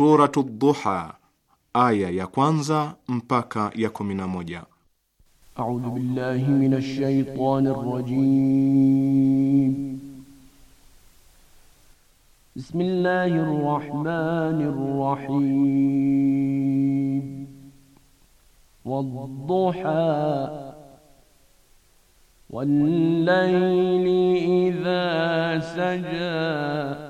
Suratu Duha, aya ya kwanza mpaka ya kumi na moja. A'udhu billahi minash shaitanir rajim. Bismillahir rahmanir rahim. Wad-duha wal-layli idha saja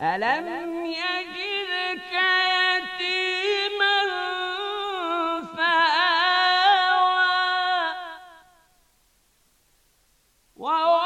ألم يجدك يتيما فآوى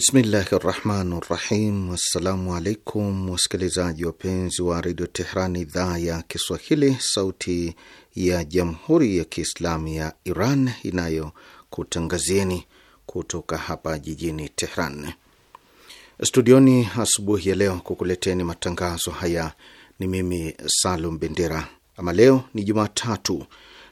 Bismillahi rahmani rahim. Assalamu alaikum wasikilizaji wapenzi wa redio Tehran, idhaa ya Kiswahili, sauti ya jamhuri ya Kiislamu ya Iran inayokutangazieni kutoka hapa jijini Tehran studioni asubuhi ya leo kukuleteni matangazo haya. Ni mimi Salum Bendera. Ama leo ni Jumatatu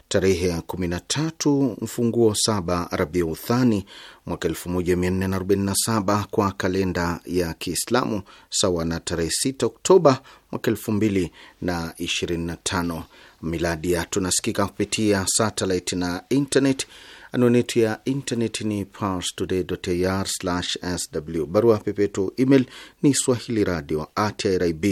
tarehe ya 13 mfunguo saba Rabiu Thani mwaka 1447 kwa kalenda ya Kiislamu, sawa na tarehe 6 Oktoba mwaka 2025 miladi. Ya tunasikika kupitia satellite na internet. Anwani yetu ya internet ni parstoday.ir/sw. Barua pepetu email ni swahili radio@irib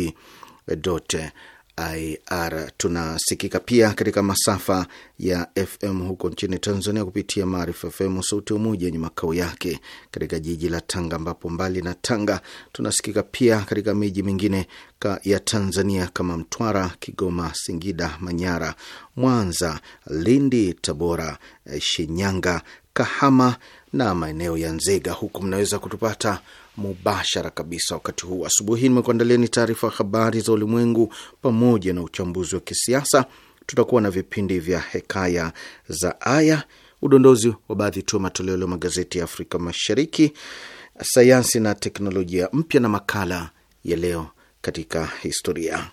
IR. Tunasikika pia katika masafa ya FM huko nchini Tanzania kupitia Maarifa FM Sauti ya Umoja yenye makao yake katika jiji la Tanga, ambapo mbali na Tanga tunasikika pia katika miji mingine ya Tanzania kama Mtwara, Kigoma, Singida, Manyara, Mwanza, Lindi, Tabora, eh, Shinyanga, Kahama na maeneo ya Nzega. Huku mnaweza kutupata mubashara kabisa. Wakati huu asubuhi, ni taarifa habari za ulimwengu pamoja na uchambuzi wa kisiasa. Tutakuwa na vipindi vya hekaya za aya, udondozi wa baadhi tu ya matoleo ya magazeti ya Afrika Mashariki, sayansi na teknolojia mpya, na makala ya leo katika historia.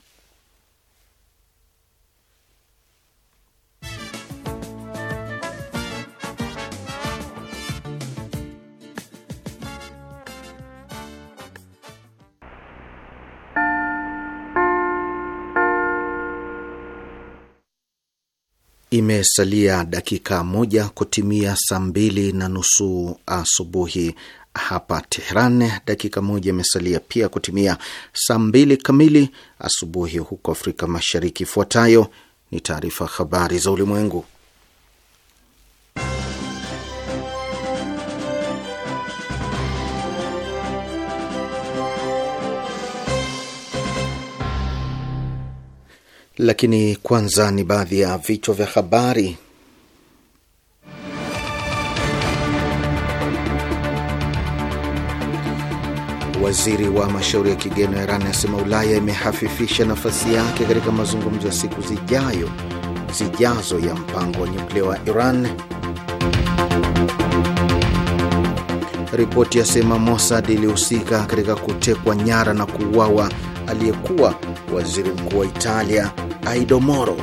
Imesalia dakika moja kutimia saa mbili na nusu asubuhi hapa Tehran. Dakika moja imesalia pia kutimia saa mbili kamili asubuhi huko Afrika Mashariki. Ifuatayo ni taarifa habari za ulimwengu. lakini kwanza ni baadhi ya vichwa vya habari. Waziri wa mashauri ya kigeni ya Iran asema Ulaya imehafifisha nafasi yake katika mazungumzo ya siku zijayo zijazo ya mpango wa nyuklia wa Iran. Ripoti yasema Mossad ilihusika katika kutekwa nyara na kuuawa aliyekuwa waziri mkuu wa Italia Aido Moro.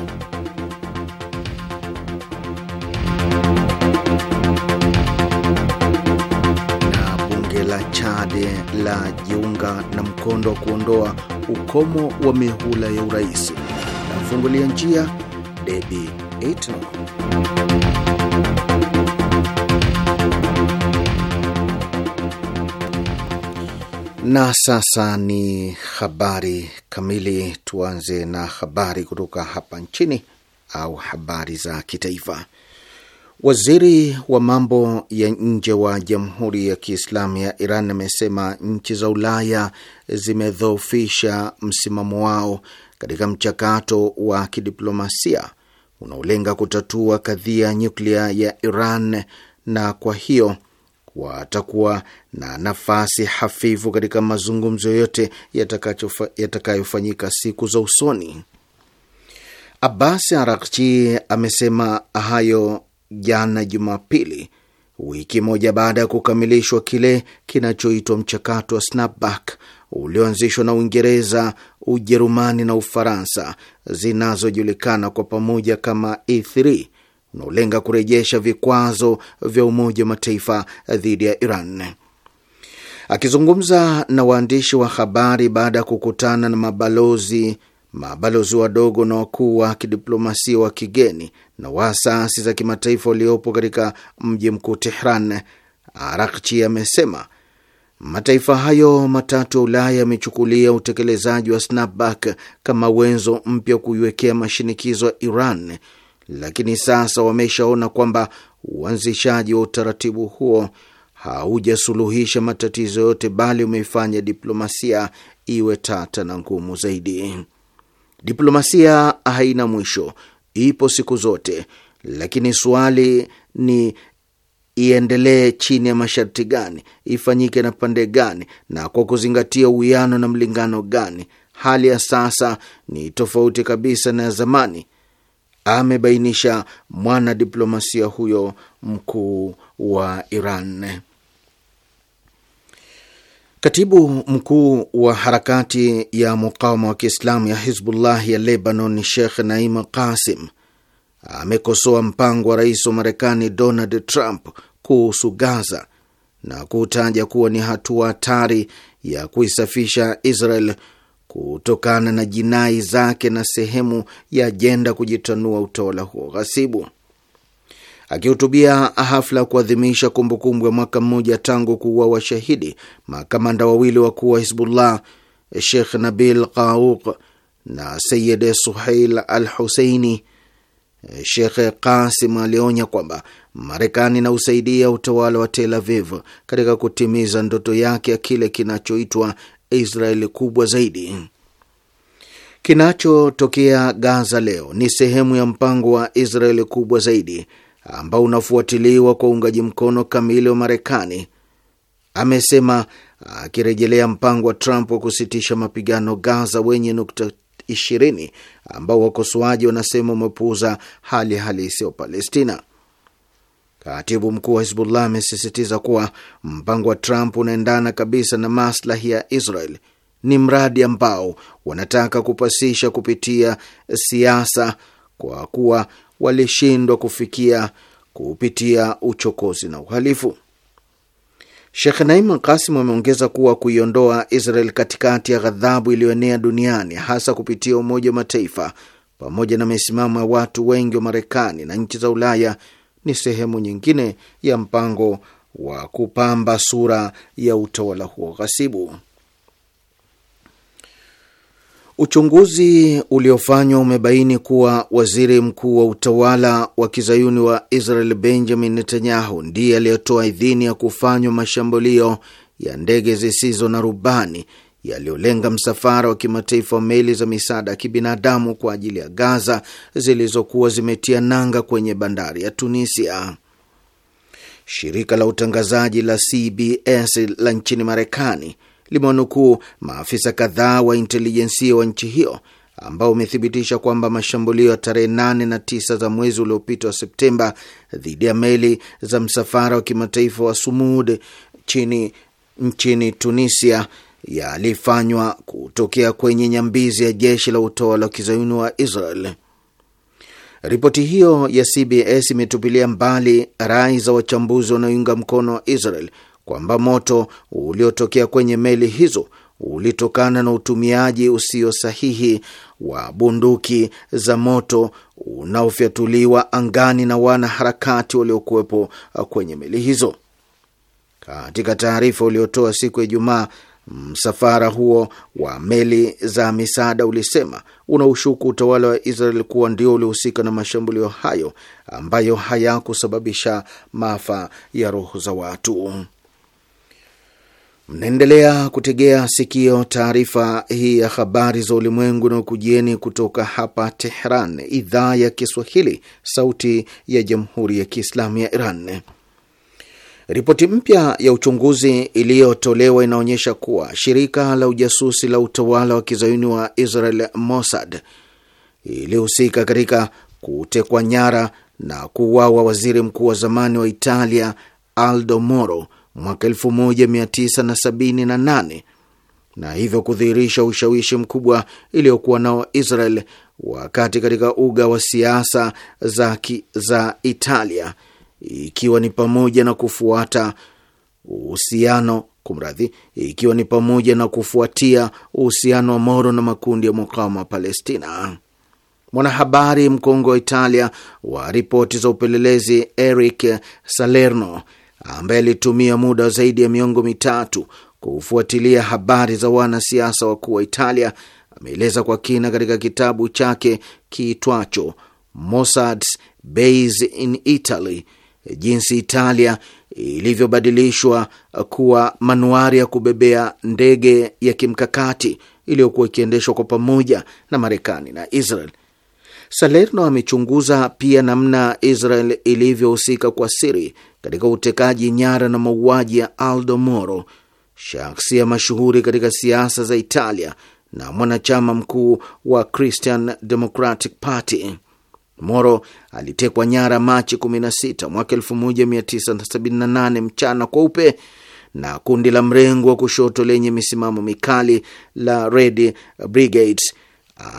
Na bunge la Chade la jiunga na mkondo wa kuondoa ukomo wa mihula ya urais nafungulia njia debi Itno. Na sasa ni habari kamili. Tuanze na habari kutoka hapa nchini au habari za kitaifa. Waziri wa mambo ya nje wa Jamhuri ya Kiislamu ya Iran amesema nchi za Ulaya zimedhoofisha msimamo wao katika mchakato wa kidiplomasia unaolenga kutatua kadhia nyuklia ya Iran na kwa hiyo watakuwa na nafasi hafifu katika mazungumzo yote yatakayofanyika yataka siku za usoni. Abbas Arakchi amesema hayo jana Jumapili, wiki moja baada ya kukamilishwa kile kinachoitwa mchakato wa snapback ulioanzishwa na Uingereza, Ujerumani na Ufaransa zinazojulikana kwa pamoja kama E3 unaolenga kurejesha vikwazo vya Umoja wa Mataifa dhidi ya Iran. Akizungumza na waandishi wa habari baada ya kukutana na mabalozi mabalozi wadogo na wakuu wa kidiplomasia wa kigeni na waasasi za kimataifa waliopo katika mji mkuu Tehran, Arakchi amesema mataifa hayo matatu ya Ulaya yamechukulia utekelezaji wa snapback kama wenzo mpya kuiwekea mashinikizo ya Iran lakini sasa wameshaona kwamba uanzishaji wa utaratibu huo haujasuluhisha matatizo yote, bali umeifanya diplomasia iwe tata na ngumu zaidi. Diplomasia haina mwisho, ipo siku zote, lakini swali ni iendelee chini ya masharti gani, ifanyike na pande gani, na kwa kuzingatia uwiano na mlingano gani? Hali ya sasa ni tofauti kabisa na ya zamani amebainisha mwanadiplomasia huyo mkuu wa Iran. Katibu mkuu wa harakati ya mukawama wa Kiislamu ya Hizbullah ya Lebanon, shekh Naim Qasim amekosoa mpango wa rais wa Marekani Donald Trump kuhusu Gaza na kutaja kuwa ni hatua hatari ya kuisafisha Israel kutokana na jinai zake na sehemu ya ajenda kujitanua utawala huo ghasibu. Akihutubia hafla ya kuadhimisha kumbukumbu ya mwaka mmoja tangu kuua washahidi makamanda wawili wakuu wa Hizbullah, Sheikh Nabil Qauq na Sayid Suhail Al Huseini, Sheikh Kasim alionya kwamba Marekani inausaidia utawala wa Tel Aviv katika kutimiza ndoto yake ya kile kinachoitwa Israeli kubwa zaidi. Kinachotokea Gaza leo ni sehemu ya mpango wa Israeli kubwa zaidi ambao unafuatiliwa kwa uungaji mkono kamili wa Marekani, amesema akirejelea mpango wa Trump wa kusitisha mapigano Gaza wenye nukta ishirini ambao wakosoaji wanasema umepuuza hali halisi ya Palestina. Katibu mkuu wa Hizbullah amesisitiza kuwa mpango wa Trump unaendana kabisa na maslahi ya Israel. Ni mradi ambao wanataka kupasisha kupitia siasa, kwa kuwa walishindwa kufikia kupitia uchokozi na uhalifu. Shekh Naim Kasim ameongeza kuwa kuiondoa Israel katikati ya ghadhabu iliyoenea duniani, hasa kupitia Umoja wa Mataifa pamoja na misimamo ya watu wengi wa Marekani na nchi za Ulaya ni sehemu nyingine ya mpango wa kupamba sura ya utawala huo ghasibu. Uchunguzi uliofanywa umebaini kuwa waziri mkuu wa utawala wa kizayuni wa Israel Benjamin Netanyahu ndiye aliyetoa idhini ya kufanywa mashambulio ya ndege zisizo na rubani yaliyolenga msafara wa kimataifa wa meli za misaada ya kibinadamu kwa ajili ya Gaza zilizokuwa zimetia nanga kwenye bandari ya Tunisia. Shirika la utangazaji la CBS la nchini Marekani limewanukuu maafisa kadhaa wa intelijensia wa nchi hiyo ambao umethibitisha kwamba mashambulio ya tarehe 8 na tisa za mwezi uliopita wa Septemba dhidi ya meli za msafara wa kimataifa wa Sumud chini nchini Tunisia yalifanywa kutokea kwenye nyambizi ya jeshi la utawala wa kizayuni wa Israel. Ripoti hiyo ya CBS imetupilia mbali rai za wachambuzi wanaoiunga mkono wa Israel kwamba moto uliotokea kwenye meli hizo ulitokana na utumiaji usio sahihi wa bunduki za moto unaofyatuliwa angani na wanaharakati waliokuwepo kwenye meli hizo. Katika taarifa uliotoa siku ya Ijumaa, Msafara huo wa meli za misaada ulisema unaushuku utawala wa Israel kuwa ndio uliohusika na mashambulio hayo ambayo hayakusababisha maafa ya roho za watu. Mnaendelea kutegea sikio taarifa hii ya habari za ulimwengu na ukujieni kutoka hapa Tehran, idhaa ya Kiswahili, sauti ya jamhuri ya kiislamu ya Iran. Ripoti mpya ya uchunguzi iliyotolewa inaonyesha kuwa shirika la ujasusi la utawala wa kizayuni wa Israel Mossad ilihusika katika kutekwa nyara na kuuawa waziri mkuu wa zamani wa Italia Aldo Moro mwaka 1978 na, na hivyo kudhihirisha ushawishi mkubwa iliyokuwa nao Israel wakati katika uga wa siasa za, za Italia ikiwa ni pamoja na kufuata uhusiano kumradhi, ikiwa ni pamoja na kufuatia uhusiano wa Moro na makundi ya mukawama wa Palestina. Mwanahabari mkongwe wa Italia wa ripoti za upelelezi Eric Salerno, ambaye alitumia muda zaidi ya miongo mitatu kufuatilia habari za wanasiasa wakuu wa Italia, ameeleza kwa kina katika kitabu chake kiitwacho Mossad's Base in Italy Eh, jinsi Italia ilivyobadilishwa kuwa manuari ya kubebea ndege ya kimkakati iliyokuwa ikiendeshwa kwa pamoja na Marekani na Israel. Salerno amechunguza pia namna Israel ilivyohusika kwa siri katika utekaji nyara na mauaji ya Aldo Moro, shaksia mashuhuri katika siasa za Italia na mwanachama mkuu wa Christian Democratic Party. Moro alitekwa nyara Machi 16 mwaka 1978 mchana kweupe na kundi la mrengo wa kushoto lenye misimamo mikali la Red Brigades.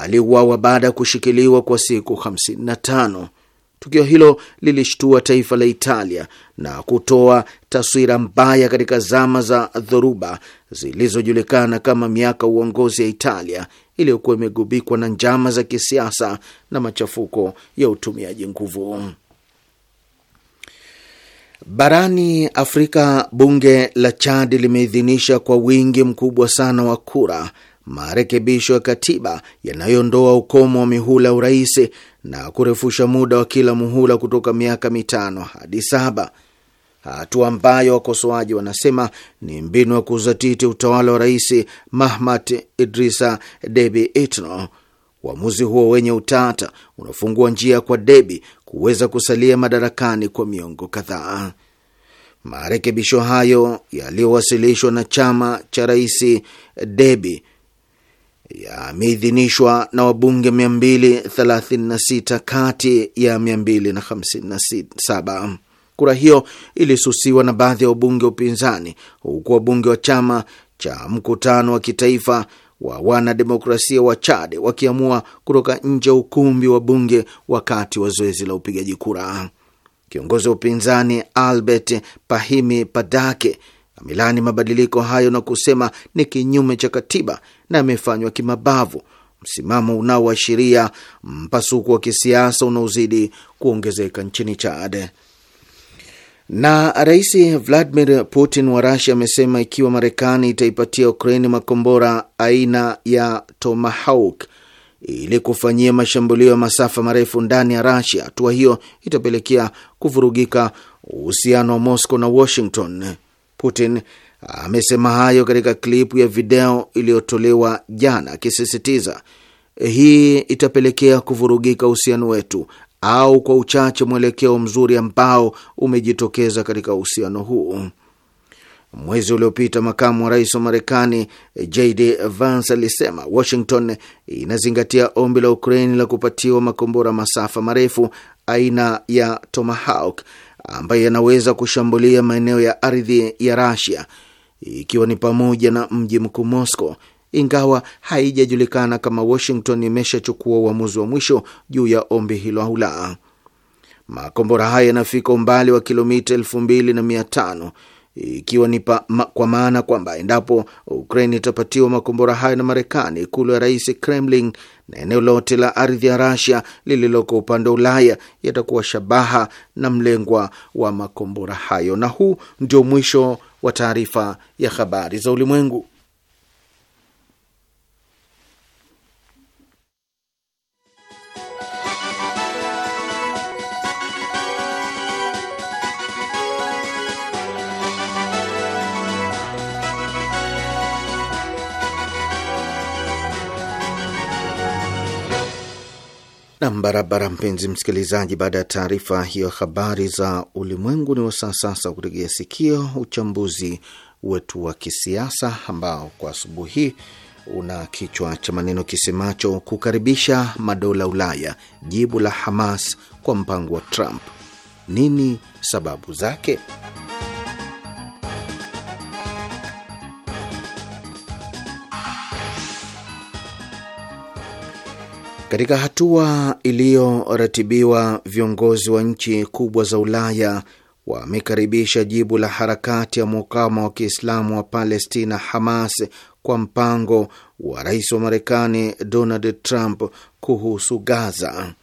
Aliuawa baada ya kushikiliwa kwa siku 55. Tukio hilo lilishtua taifa la Italia na kutoa taswira mbaya katika zama za dhoruba zilizojulikana kama miaka uongozi ya Italia iliyokuwa imegubikwa na njama za kisiasa na machafuko ya utumiaji nguvu. Barani Afrika, bunge la Chadi limeidhinisha kwa wingi mkubwa sana wa kura marekebisho ya katiba yanayoondoa ukomo wa mihula urais na kurefusha muda wa kila muhula kutoka miaka mitano hadi saba hatua ambayo wakosoaji wanasema ni mbinu ya kuzatiti utawala wa Rais Mahmat Idrisa Debi Itno. Uamuzi huo wenye utata unafungua njia kwa Debi kuweza kusalia madarakani kwa miongo kadhaa. Marekebisho hayo yaliyowasilishwa na chama cha Rais Debi yameidhinishwa na wabunge 236 kati ya 257 kura hiyo ilisusiwa na baadhi ya wabunge wa upinzani, huku wabunge wa chama cha mkutano wa kitaifa wa wanademokrasia wa Chad wakiamua kutoka nje ya ukumbi wa bunge wakati wa zoezi la upigaji kura. Kiongozi wa upinzani Albert Pahimi Padake amelani mabadiliko hayo na kusema ni kinyume cha katiba na amefanywa kimabavu, msimamo unaoashiria mpasuko wa kisiasa unaozidi kuongezeka nchini Chad. Na Rais Vladimir Putin wa Rasia amesema ikiwa Marekani itaipatia Ukraini makombora aina ya Tomahawk ili kufanyia mashambulio ya masafa marefu ndani ya Rasia, hatua hiyo itapelekea kuvurugika uhusiano wa Moscow na Washington. Putin amesema hayo katika klipu ya video iliyotolewa jana, akisisitiza hii itapelekea kuvurugika uhusiano wetu au kwa uchache mwelekeo mzuri ambao umejitokeza katika uhusiano huu. Mwezi uliopita makamu wa rais wa Marekani JD Vance alisema Washington inazingatia ombi la Ukraine la kupatiwa makombora masafa marefu aina ya Tomahawk ambayo yanaweza kushambulia maeneo ya ardhi ya Rasia, ikiwa ni pamoja na mji mkuu Moscow, ingawa haijajulikana kama Washington imeshachukua uamuzi wa mwisho juu ya ombi hilo au la. Makombora haya yanafika umbali wa kilomita elfu mbili na mia tano ikiwa ni ma, kwa maana kwamba endapo Ukraine itapatiwa makombora hayo na Marekani, ikulu ya rais Kremlin na eneo lote la ardhi ya Rasia lililoko upande wa Ulaya yatakuwa shabaha na mlengwa wa makombora hayo. Na huu ndio mwisho wa taarifa ya habari za ulimwengu. Nam barabara, mpenzi msikilizaji, baada ya taarifa hiyo habari za ulimwengu, ni wasaa sasa kutegea sikio uchambuzi wetu wa kisiasa ambao kwa asubuhi hii una kichwa cha maneno kisemacho kukaribisha madola Ulaya, jibu la Hamas kwa mpango wa Trump, nini sababu zake? Katika hatua iliyoratibiwa, viongozi wa nchi kubwa za Ulaya wamekaribisha jibu la harakati ya mukawama wa Kiislamu wa Palestina, Hamas, kwa mpango wa rais wa Marekani Donald Trump kuhusu Gaza.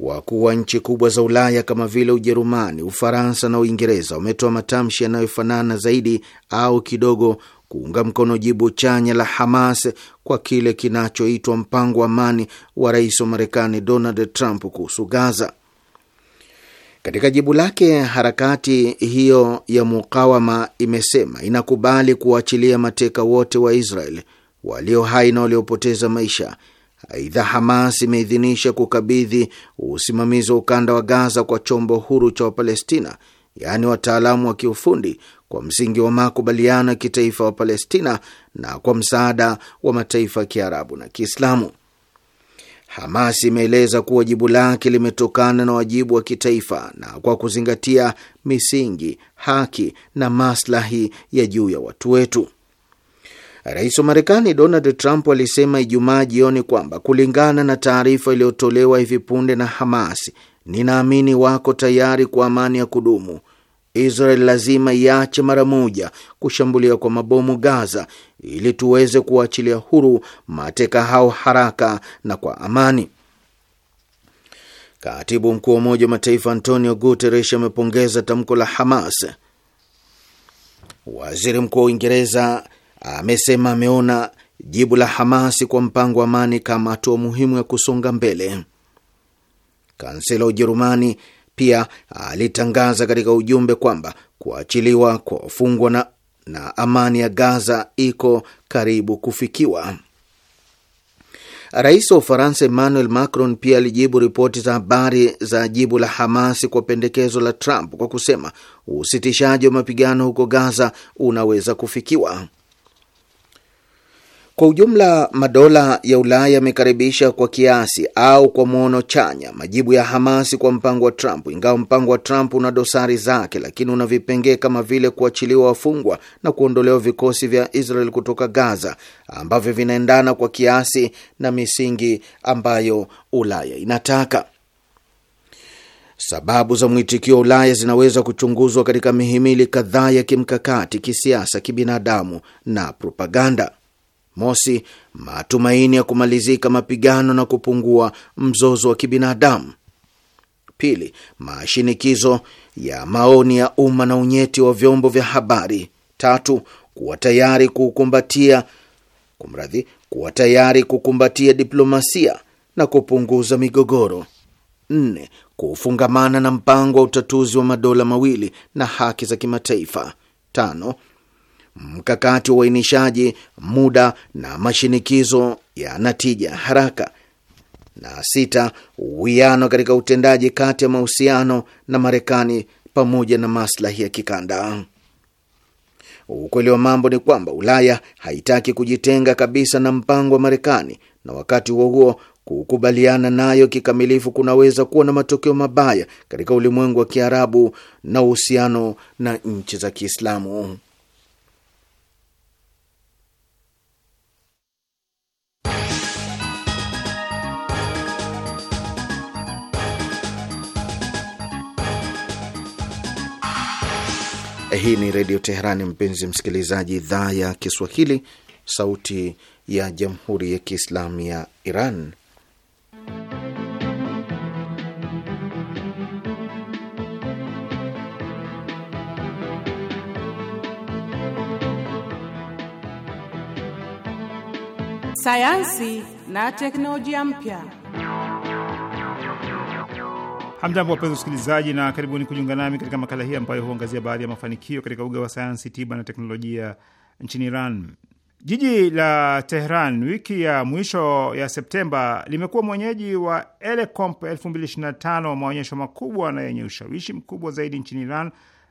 Wakuu wa nchi kubwa za Ulaya kama vile Ujerumani, Ufaransa na Uingereza wametoa matamshi yanayofanana zaidi au kidogo kuunga mkono jibu chanya la Hamas kwa kile kinachoitwa mpango wa amani wa rais wa Marekani Donald Trump kuhusu Gaza. Katika jibu lake, harakati hiyo ya mukawama imesema inakubali kuwachilia mateka wote wa Israel walio hai na waliopoteza maisha. Aidha, Hamas imeidhinisha kukabidhi usimamizi wa ukanda wa Gaza kwa chombo huru cha Wapalestina, yaani wataalamu wa kiufundi kwa msingi wa makubaliano ya kitaifa wa Palestina na kwa msaada wa mataifa ya Kiarabu na Kiislamu. Hamas imeeleza kuwa jibu lake limetokana na wajibu wa kitaifa na kwa kuzingatia misingi, haki na maslahi ya juu ya watu wetu. Rais wa Marekani Donald Trump alisema Ijumaa jioni kwamba kulingana na taarifa iliyotolewa hivi punde na Hamas, ninaamini wako tayari kwa amani ya kudumu Israel lazima iache mara moja kushambulia kwa mabomu Gaza ili tuweze kuachilia huru mateka hao haraka na kwa amani. Katibu mkuu wa Umoja wa Mataifa Antonio Guterres amepongeza tamko la Hamas. Waziri mkuu wa Uingereza amesema ameona jibu la Hamasi kwa mpango wa amani kama hatua muhimu ya kusonga mbele. Kansela wa Ujerumani pia alitangaza katika ujumbe kwamba kuachiliwa kwa wafungwa na, na amani ya Gaza iko karibu kufikiwa. Rais wa Ufaransa Emmanuel Macron pia alijibu ripoti za habari za jibu la Hamasi kwa pendekezo la Trump kwa kusema usitishaji wa mapigano huko Gaza unaweza kufikiwa. Kwa ujumla madola ya Ulaya yamekaribisha kwa kiasi au kwa mwono chanya majibu ya Hamasi kwa mpango wa Trump, ingawa mpango wa Trump una dosari zake, lakini una vipengee kama vile kuachiliwa wafungwa na kuondolewa vikosi vya Israel kutoka Gaza ambavyo vinaendana kwa kiasi na misingi ambayo Ulaya inataka. Sababu za mwitikio wa Ulaya zinaweza kuchunguzwa katika mihimili kadhaa ya kimkakati, kisiasa, kibinadamu na propaganda. Mosi, matumaini ya kumalizika mapigano na kupungua mzozo wa kibinadamu. Pili, mashinikizo ya maoni ya umma na unyeti wa vyombo vya habari. Tatu, kuwa tayari kukumbatia kumradhi, kuwa tayari kukumbatia diplomasia na kupunguza migogoro. Nne, kufungamana na mpango wa utatuzi wa madola mawili na haki za kimataifa. Tano, mkakati wa uainishaji muda na mashinikizo ya natija haraka, na sita, uwiano katika utendaji kati ya mahusiano na Marekani pamoja na maslahi ya kikanda. Ukweli wa mambo ni kwamba Ulaya haitaki kujitenga kabisa na mpango wa Marekani, na wakati huo huo kukubaliana nayo kikamilifu kunaweza kuwa na matokeo mabaya katika ulimwengu wa Kiarabu na uhusiano na nchi za Kiislamu. Hii ni Redio Teherani, mpenzi msikilizaji, idhaa ya Kiswahili, sauti ya Jamhuri ya Kiislamu ya Iran. Sayansi na teknolojia mpya. Hamjambo wapenzi usikilizaji na karibuni kujiunga nami katika makala hii ambayo huangazia baadhi ya mafanikio katika uga wa sayansi, tiba na teknolojia nchini Iran. Jiji la Tehran wiki ya mwisho ya Septemba limekuwa mwenyeji wa Elecomp 2025, maonyesho makubwa na yenye ushawishi mkubwa zaidi nchini Iran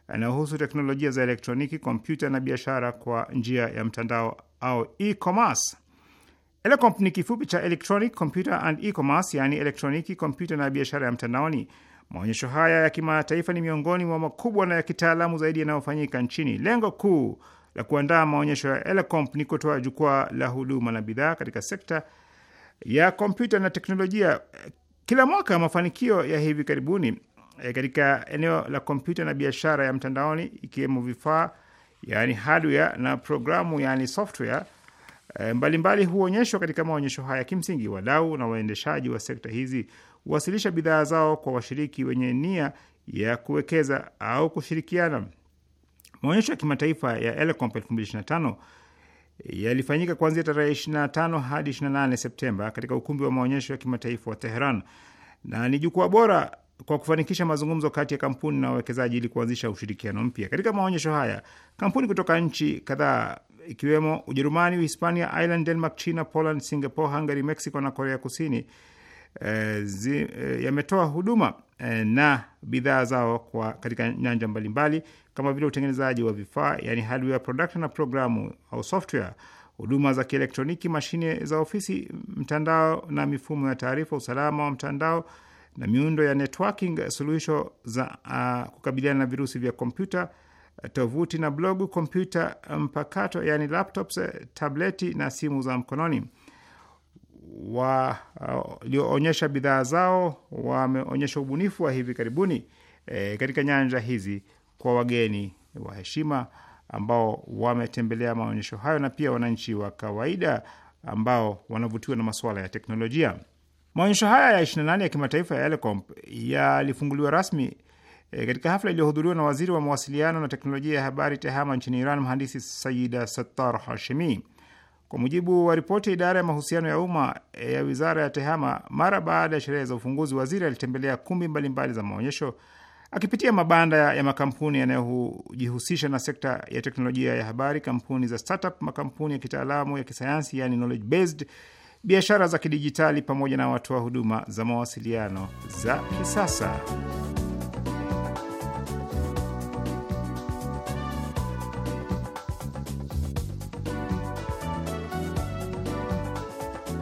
yanayohusu teknolojia za elektroniki, kompyuta na biashara kwa njia ya mtandao au e-commerce. Elecom ni kifupi cha Electronic Computer and E-commerce, yani elektroniki, kompyuta na biashara ya mtandaoni. Maonyesho haya ya kimataifa ni miongoni mwa makubwa na ya kitaalamu zaidi yanayofanyika nchini. Lengo kuu la kuandaa maonyesho ya Elecom ni kutoa jukwaa la huduma na bidhaa katika sekta ya kompyuta na teknolojia. Kila mwaka mafanikio ya hivi karibuni eh, katika eneo la kompyuta na biashara ya mtandaoni, ikiwemo vifaa yani hardware na programu yani software Eh, mbalimbali mbali huonyeshwa katika maonyesho haya. Kimsingi, wadau na waendeshaji wa sekta hizi huwasilisha bidhaa zao kwa washiriki wenye nia ya kuwekeza au kushirikiana. Maonyesho ya kimataifa ya Elecomp 2025 yalifanyika kuanzia tarehe 25 hadi 28 Septemba katika ukumbi wa maonyesho ya kimataifa wa Teheran na ni jukwaa bora kwa kufanikisha mazungumzo kati ya kampuni na wawekezaji ili kuanzisha ushirikiano mpya. Katika maonyesho haya kampuni kutoka nchi kadhaa ikiwemo Ujerumani, Hispania, Ireland, Denmark, China, Poland, Singapore, Hungary, Mexico na Korea Kusini e, e, yametoa huduma e, na bidhaa zao kwa katika nyanja mbalimbali mbali, kama vile utengenezaji wa vifaa yani hardware product na programu au software, huduma za kielektroniki, mashine za ofisi, mtandao na mifumo ya taarifa, usalama wa mtandao na miundo ya networking, suluhisho za uh, kukabiliana na virusi vya kompyuta, tovuti na blogu, kompyuta mpakato yani laptops, tableti na simu za mkononi. Walioonyesha uh, bidhaa zao wameonyesha ubunifu wa hivi karibuni e, katika nyanja hizi kwa wageni wa heshima ambao wametembelea maonyesho hayo na pia wananchi wa kawaida ambao wanavutiwa na masuala ya teknolojia. Maonyesho haya ya 28 ya kimataifa ya Elecomp yalifunguliwa rasmi e, katika hafla iliyohudhuriwa na waziri wa mawasiliano na teknolojia ya habari TEHAMA nchini Iran, mhandisi Saida Sattar Hashemi. Kwa mujibu wa ripoti ya idara ya mahusiano ya umma eh, ya wizara ya TEHAMA, mara baada ya sherehe za ufunguzi, waziri alitembelea kumbi mbalimbali za maonyesho akipitia mabanda ya makampuni yanayojihusisha na sekta ya teknolojia ya habari, kampuni za startup, makampuni ya kitaalamu ya kisayansi, yani knowledge based biashara za kidijitali pamoja na watoa huduma za mawasiliano za kisasa.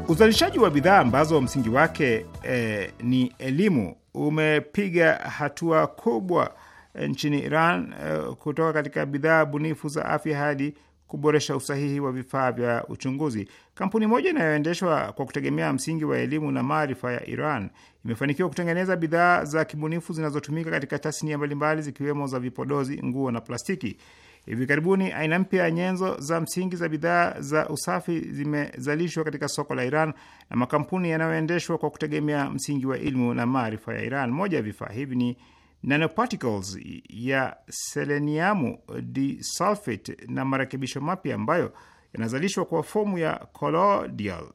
Uzalishaji wa bidhaa ambazo msingi wake eh, ni elimu umepiga hatua kubwa eh, nchini Iran eh, kutoka katika bidhaa bunifu za afya hadi kuboresha usahihi wa vifaa vya uchunguzi. Kampuni moja inayoendeshwa kwa kutegemea msingi wa elimu na maarifa ya Iran imefanikiwa kutengeneza bidhaa za kibunifu zinazotumika katika tasnia mbalimbali zikiwemo za vipodozi, nguo na plastiki. Hivi karibuni aina mpya ya nyenzo za msingi za bidhaa za usafi zimezalishwa katika soko la Iran na makampuni yanayoendeshwa kwa kutegemea msingi wa elimu na maarifa ya Iran. Moja ya vifaa hivi ni nanoparticles ya seleniamu disulfate na marekebisho mapya ambayo yanazalishwa kwa fomu ya colloidal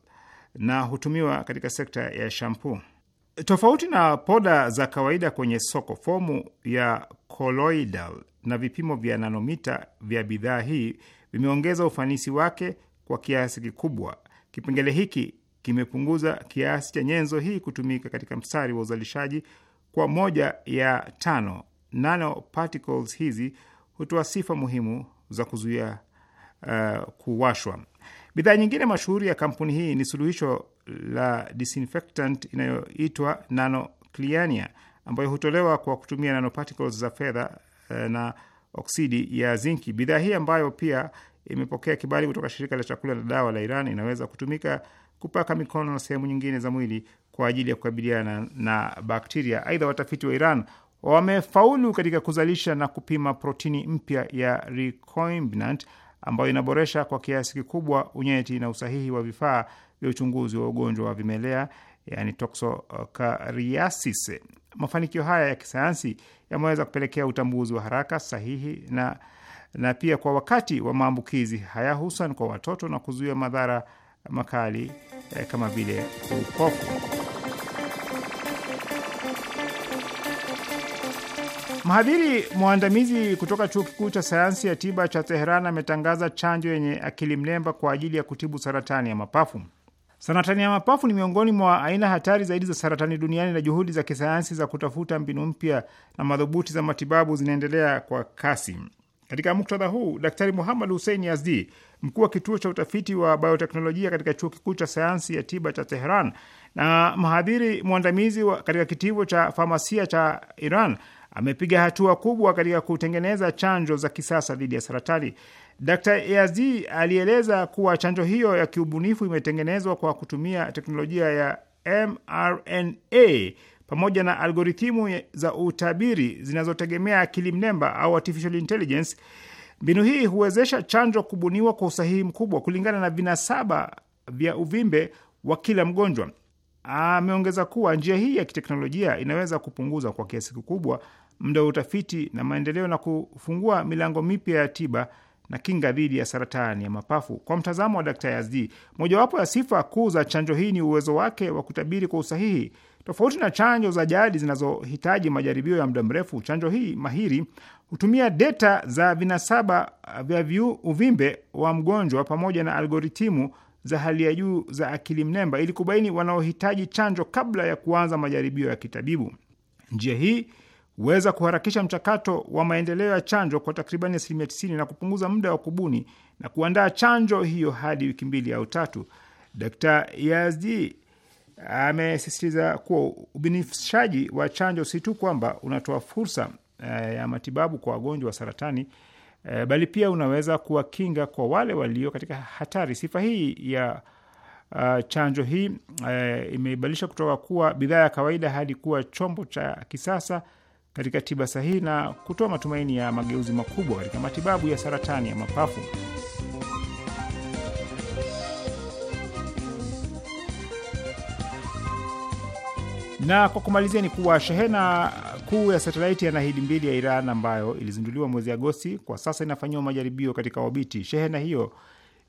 na hutumiwa katika sekta ya shampoo. Tofauti na poda za kawaida kwenye soko, fomu ya colloidal na vipimo vya nanomita vya bidhaa hii vimeongeza ufanisi wake kwa kiasi kikubwa. Kipengele hiki kimepunguza kiasi cha nyenzo hii kutumika katika mstari wa uzalishaji kwa moja ya tano. Nanoparticles hizi hutoa sifa muhimu za kuzuia uh, kuwashwa. Bidhaa nyingine mashuhuri ya kampuni hii ni suluhisho la disinfectant inayoitwa nanocliania ambayo hutolewa kwa kutumia nanoparticles za fedha uh, na oksidi ya zinki. Bidhaa hii ambayo pia imepokea kibali kutoka shirika la chakula na dawa la Iran inaweza kutumika kupaka mikono na sehemu nyingine za mwili kwa ajili ya kukabiliana na, na bakteria. Aidha, watafiti wa Iran wamefaulu katika kuzalisha na kupima protini mpya ya recombinant ambayo inaboresha kwa kiasi kikubwa unyeti na usahihi wa vifaa vya uchunguzi wa ugonjwa wa vimelea yani toxocariasis. Mafanikio haya ya kisayansi yameweza kupelekea utambuzi wa haraka sahihi na, na pia kwa wakati wa maambukizi haya hususan kwa watoto na kuzuia madhara makali eh, kama vile ukofu. Mhadhiri mwandamizi kutoka chuo kikuu cha sayansi ya tiba cha Teheran ametangaza chanjo yenye akili mnemba kwa ajili ya kutibu saratani ya mapafu. Saratani ya mapafu ni miongoni mwa aina hatari zaidi za saratani duniani na juhudi za kisayansi za kutafuta mbinu mpya na madhubuti za matibabu zinaendelea kwa kasi. Katika muktadha huu, Daktari Muhammad Hussein Yazdi, mkuu wa kituo cha utafiti wa bioteknolojia katika chuo kikuu cha sayansi ya tiba cha Teheran na mhadhiri mwandamizi katika kitivo cha famasia cha Iran amepiga hatua kubwa katika kutengeneza chanjo za kisasa dhidi ya saratani. Dr Yazdi alieleza kuwa chanjo hiyo ya kiubunifu imetengenezwa kwa kutumia teknolojia ya mRNA pamoja na algorithimu za utabiri zinazotegemea akili mnemba au artificial intelligence. Mbinu hii huwezesha chanjo kubuniwa kwa usahihi mkubwa kulingana na vinasaba vya uvimbe wa kila mgonjwa. Ameongeza kuwa njia hii ya kiteknolojia inaweza kupunguza kwa kiasi kikubwa muda wa utafiti na maendeleo na kufungua milango mipya ya tiba na kinga dhidi ya saratani ya mapafu. Kwa mtazamo wa Daktari Yazdi, mojawapo ya sifa kuu za chanjo hii ni uwezo wake wa kutabiri kwa usahihi. Tofauti na chanjo za jadi zinazohitaji majaribio ya muda mrefu, chanjo hii mahiri hutumia deta za vinasaba vya uvimbe wa mgonjwa pamoja na algoritimu za hali ya juu za akili mnemba ili kubaini wanaohitaji chanjo kabla ya kuanza majaribio ya kitabibu. Njia hii huweza kuharakisha mchakato wa maendeleo ya chanjo kwa takribani asilimia tisini na kupunguza muda wa kubuni na kuandaa chanjo hiyo hadi wiki mbili au tatu. Dr Yazdi amesisitiza kuwa ubinifishaji wa chanjo si tu kwamba unatoa fursa eh, ya matibabu kwa wagonjwa wa saratani eh, bali pia unaweza kuwakinga kwa wale walio katika hatari. Sifa hii ya uh, chanjo hii uh, imeibadilisha kutoka kuwa bidhaa ya kawaida hadi kuwa chombo cha kisasa katika tiba sahihi na kutoa matumaini ya mageuzi makubwa katika matibabu ya saratani ya mapafu. Na kwa kumalizia ni kuwa shehena kuu ya satelaiti ya Nahidi mbili ya Iran ambayo ilizinduliwa mwezi Agosti kwa sasa inafanyiwa majaribio katika obiti. Shehena hiyo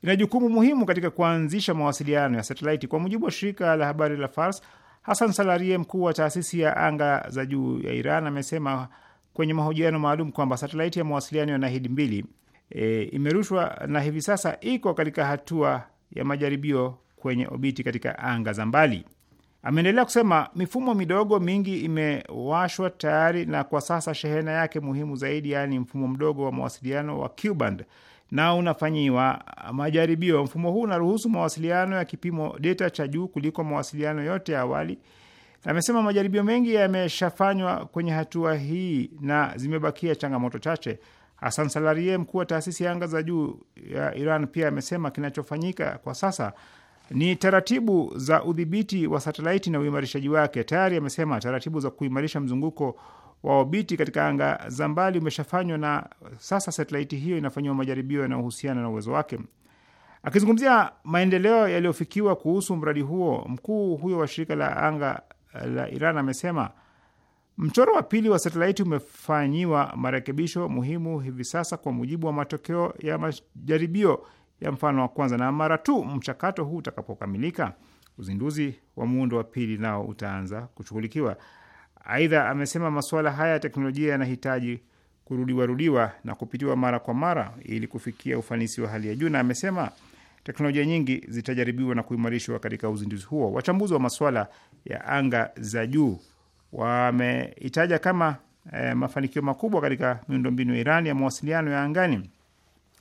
ina jukumu muhimu katika kuanzisha mawasiliano ya satelaiti. Kwa mujibu wa shirika la habari la Fars, Hasan Salarie, mkuu wa taasisi ya anga za juu ya Iran, amesema kwenye mahojiano maalum kwamba satelaiti ya mawasiliano ya Nahidi mbili e, imerushwa na hivi sasa iko katika hatua ya majaribio kwenye obiti katika anga za mbali. Ameendelea kusema mifumo midogo mingi imewashwa tayari, na kwa sasa shehena yake muhimu zaidi, yaani mfumo mdogo wa mawasiliano wa cuban na unafanyiwa majaribio. Mfumo huu unaruhusu mawasiliano ya kipimo data cha juu kuliko mawasiliano yote ya awali. Amesema majaribio mengi yameshafanywa kwenye hatua hii na zimebakia changamoto chache. Hasan Salarie, mkuu wa taasisi ya anga za juu ya Iran, pia amesema kinachofanyika kwa sasa ni taratibu za udhibiti wa satelaiti na uimarishaji wake. Tayari amesema taratibu za kuimarisha mzunguko waobiti katika anga za mbali umeshafanywa na sasa satelaiti hiyo inafanyiwa majaribio yanayohusiana na uwezo wake. Akizungumzia maendeleo yaliyofikiwa kuhusu mradi huo, mkuu huyo wa shirika la anga la Iran amesema mchoro wa pili wa satelaiti umefanyiwa marekebisho muhimu hivi sasa kwa mujibu wa matokeo ya majaribio ya mfano wa kwanza, na mara tu mchakato huu utakapokamilika, uzinduzi wa muundo wa pili nao utaanza kushughulikiwa. Aidha, amesema masuala haya ya teknolojia yanahitaji kurudiwarudiwa na kupitiwa mara kwa mara ili kufikia ufanisi wa hali ya juu, na amesema teknolojia nyingi zitajaribiwa na kuimarishwa katika uzinduzi huo. Wachambuzi wa masuala ya anga za juu wameitaja kama e, mafanikio makubwa katika miundombinu ya Iran ya mawasiliano ya angani.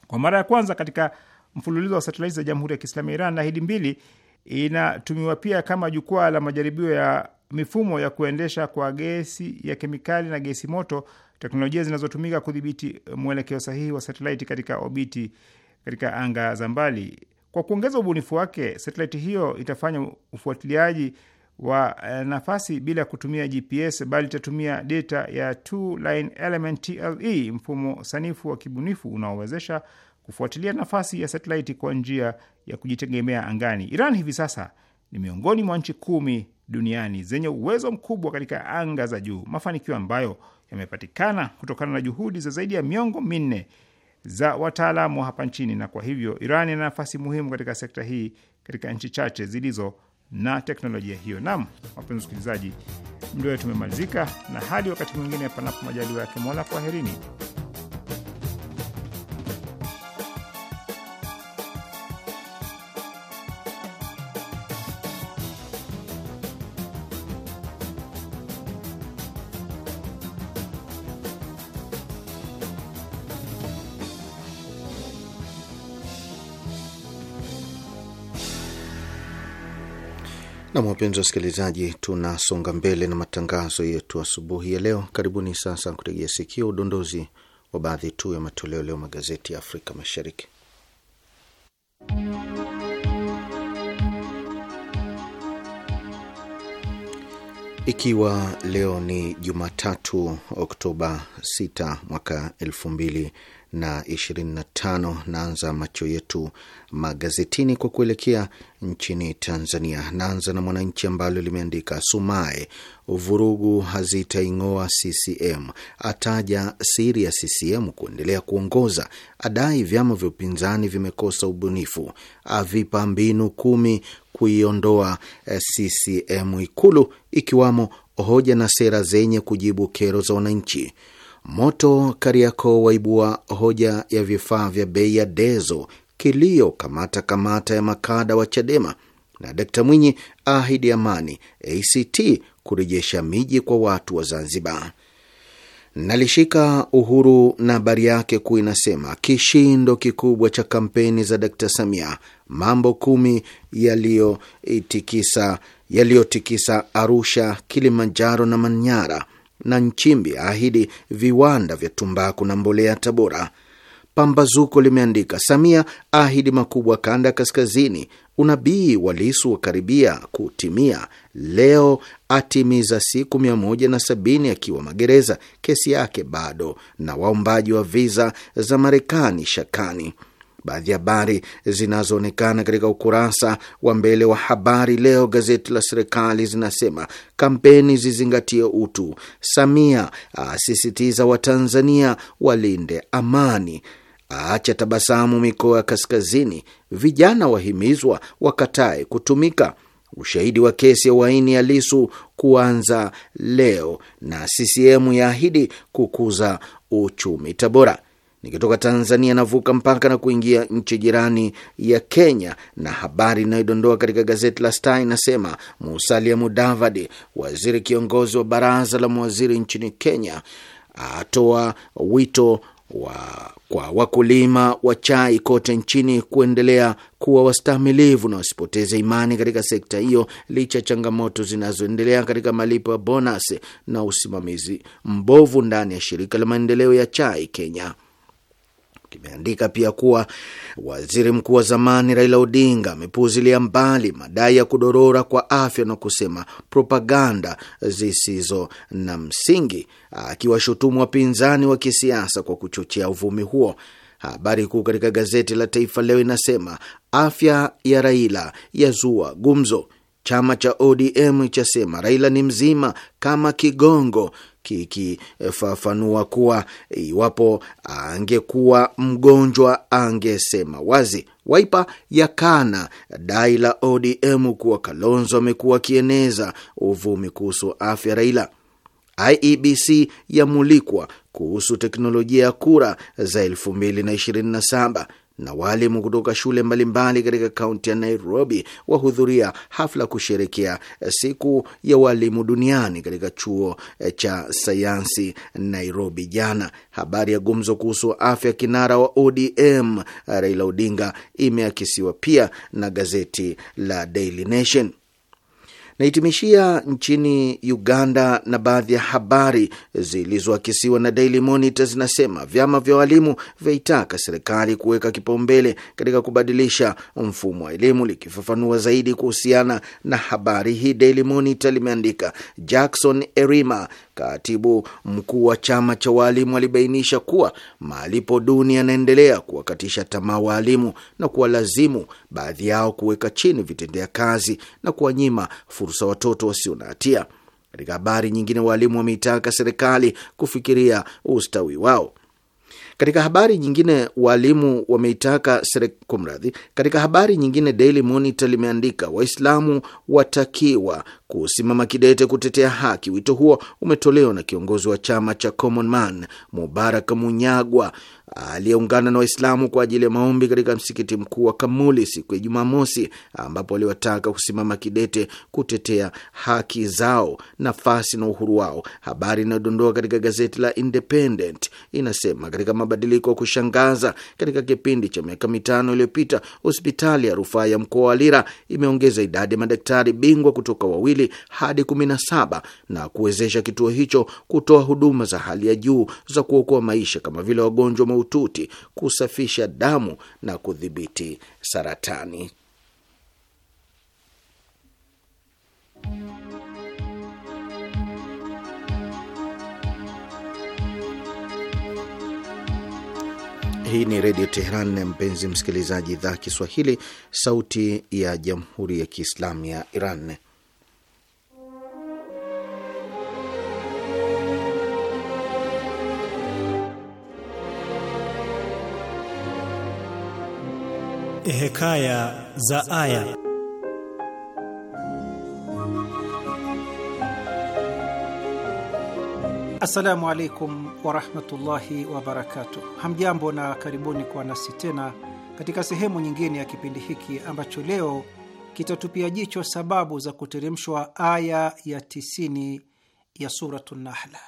Kwa mara ya kwanza katika mfululizo wa satelaiti za Jamhuri ya Kiislamu ya Iran, Nahidi mbili inatumiwa pia kama jukwaa la majaribio ya mifumo ya kuendesha kwa gesi ya kemikali na gesi moto, teknolojia zinazotumika kudhibiti eh, mwelekeo sahihi wa satelaiti katika obiti katika anga za mbali. Kwa kuongeza ubunifu wake, satelaiti hiyo itafanya ufuatiliaji wa eh, nafasi bila kutumia GPS bali itatumia data ya two line element TLE, mfumo sanifu wa kibunifu unaowezesha kufuatilia nafasi ya satelaiti kwa njia ya kujitegemea angani. Iran hivi sasa ni miongoni mwa nchi kumi duniani zenye uwezo mkubwa katika anga za juu, mafanikio ambayo yamepatikana kutokana na juhudi za zaidi ya miongo minne za wataalamu hapa nchini, na kwa hivyo Iran ina nafasi muhimu katika sekta hii katika nchi chache zilizo na teknolojia hiyo. Nam, wapenzi wasikilizaji, mda wetu umemalizika, na hadi wakati mwingine, panapo majaliwa yake Mola, kwaherini. Nam, wapenzi wasikilizaji, tunasonga mbele na matangazo yetu asubuhi ya leo. Karibuni sasa kutegea sikio udondozi wa baadhi tu ya matoleo leo magazeti ya Afrika Mashariki. Ikiwa leo ni Jumatatu, Oktoba 6 mwaka 20 na 25. Naanza macho yetu magazetini kwa kuelekea nchini Tanzania. Naanza na Mwananchi ambalo limeandika Sumaye, vurugu hazitaing'oa CCM, ataja siri ya CCM kuendelea kuongoza, adai vyama vya upinzani vimekosa ubunifu, avipa mbinu kumi kuiondoa eh, CCM Ikulu, ikiwamo hoja na sera zenye kujibu kero za wananchi. Moto Kariako waibua hoja ya vifaa vya bei ya dezo, kilio kamata kamata ya makada wa Chadema, na Dkta Mwinyi ahidi amani ACT kurejesha miji kwa watu wa Zanzibar. Nalishika Uhuru na habari yake kuu inasema kishindo kikubwa cha kampeni za Dkta Samia, mambo kumi yaliyotikisa yaliyotikisa Arusha, Kilimanjaro na Manyara na Nchimbi aahidi viwanda vya tumbaku na mbolea Tabora. Pambazuko limeandika Samia ahidi makubwa kanda kaskazini. Unabii wa Lisu wakaribia kutimia. Leo atimiza siku 170 akiwa magereza, kesi yake bado. Na waombaji wa viza za Marekani shakani. Baadhi ya habari zinazoonekana katika ukurasa wa mbele wa Habari Leo, gazeti la serikali zinasema: kampeni zizingatie utu, Samia asisitiza Watanzania walinde amani, aacha tabasamu mikoa ya kaskazini, vijana wahimizwa wakatae kutumika ushahidi wa kesi ya uhaini ya Lisu kuanza leo, na CCM yaahidi kukuza uchumi Tabora. Nikitoka Tanzania navuka mpaka na kuingia nchi jirani ya Kenya, na habari inayodondoa katika gazeti la Star inasema Musalia Mudavadi, waziri kiongozi wa baraza la mawaziri nchini Kenya, atoa wito wa kwa wakulima wa chai kote nchini kuendelea kuwa wastamilivu na wasipoteze imani katika sekta hiyo licha ya changamoto zinazoendelea katika malipo ya bonus na usimamizi mbovu ndani ya shirika la maendeleo ya chai Kenya kimeandika pia kuwa waziri mkuu wa zamani Raila Odinga amepuuzilia mbali madai ya kudorora kwa afya na kusema propaganda zisizo na msingi, akiwashutumu wapinzani wa kisiasa kwa kuchochea uvumi huo. Habari kuu katika gazeti la Taifa Leo inasema afya ya Raila yazua gumzo. Chama cha ODM chasema Raila ni mzima kama kigongo, kikifafanua kuwa iwapo angekuwa mgonjwa angesema wazi. Waipa yakana dai la ODM kuwa Kalonzo amekuwa akieneza uvumi kuhusu afya Raila. IEBC yamulikwa kuhusu teknolojia ya kura za 2027 na waalimu kutoka shule mbalimbali katika kaunti ya Nairobi wahudhuria hafla kusherekea siku ya waalimu duniani katika chuo eh, cha sayansi Nairobi jana. Habari ya gumzo kuhusu afya kinara wa ODM eh, Raila Odinga imeakisiwa pia na gazeti la Daily Nation. Naitimishia nchini Uganda, na baadhi ya habari zilizoakisiwa na Daily Monitor zinasema vyama vya walimu vyaitaka serikali kuweka kipaumbele katika kubadilisha mfumo wa elimu. Likifafanua zaidi kuhusiana na habari hii, Daily Monitor limeandika Jackson Erima, katibu mkuu wa chama cha waalimu, alibainisha kuwa malipo duni yanaendelea kuwakatisha tamaa waalimu na kuwalazimu baadhi yao kuweka chini vitendea kazi na kuwanyima fursa watoto wasio na hatia. Katika habari nyingine, waalimu wameitaka serikali kufikiria ustawi wao. Katika habari nyingine waalimu wameitaka kumradhi. Katika habari nyingine Daily Monitor limeandika Waislamu watakiwa kusimama kidete kutetea haki. Wito huo umetolewa na kiongozi wa chama cha Common Man Mubarak Munyagwa aliyeungana na Waislamu kwa ajili ya maombi katika msikiti mkuu wa Kamuli siku ya Jumamosi, ambapo aliwataka kusimama kidete kutetea haki zao, nafasi na uhuru wao. Habari inayodondoa katika gazeti la Independent inasema katika mabadiliko ya kushangaza katika kipindi cha miaka mitano iliyopita, hospitali ya rufaa ya mkoa wa Lira imeongeza idadi ya madaktari bingwa kutoka wawili hadi kumi na saba na kuwezesha kituo hicho kutoa huduma za hali ya juu za kuokoa maisha kama vile wagonjwa ututi, kusafisha damu na kudhibiti saratani. Hii ni Redio Teheran, mpenzi msikilizaji, idhaa Kiswahili, sauti ya Jamhuri ya Kiislamu ya Iran. Eh, Hekaya za Aya. Assalamu alaikum warahmatullahi wabarakatuh. Hamjambo na karibuni kwa nasi tena katika sehemu nyingine ya kipindi hiki ambacho leo kitatupia jicho sababu za kuteremshwa aya ya 90 ya Suratu Nahla.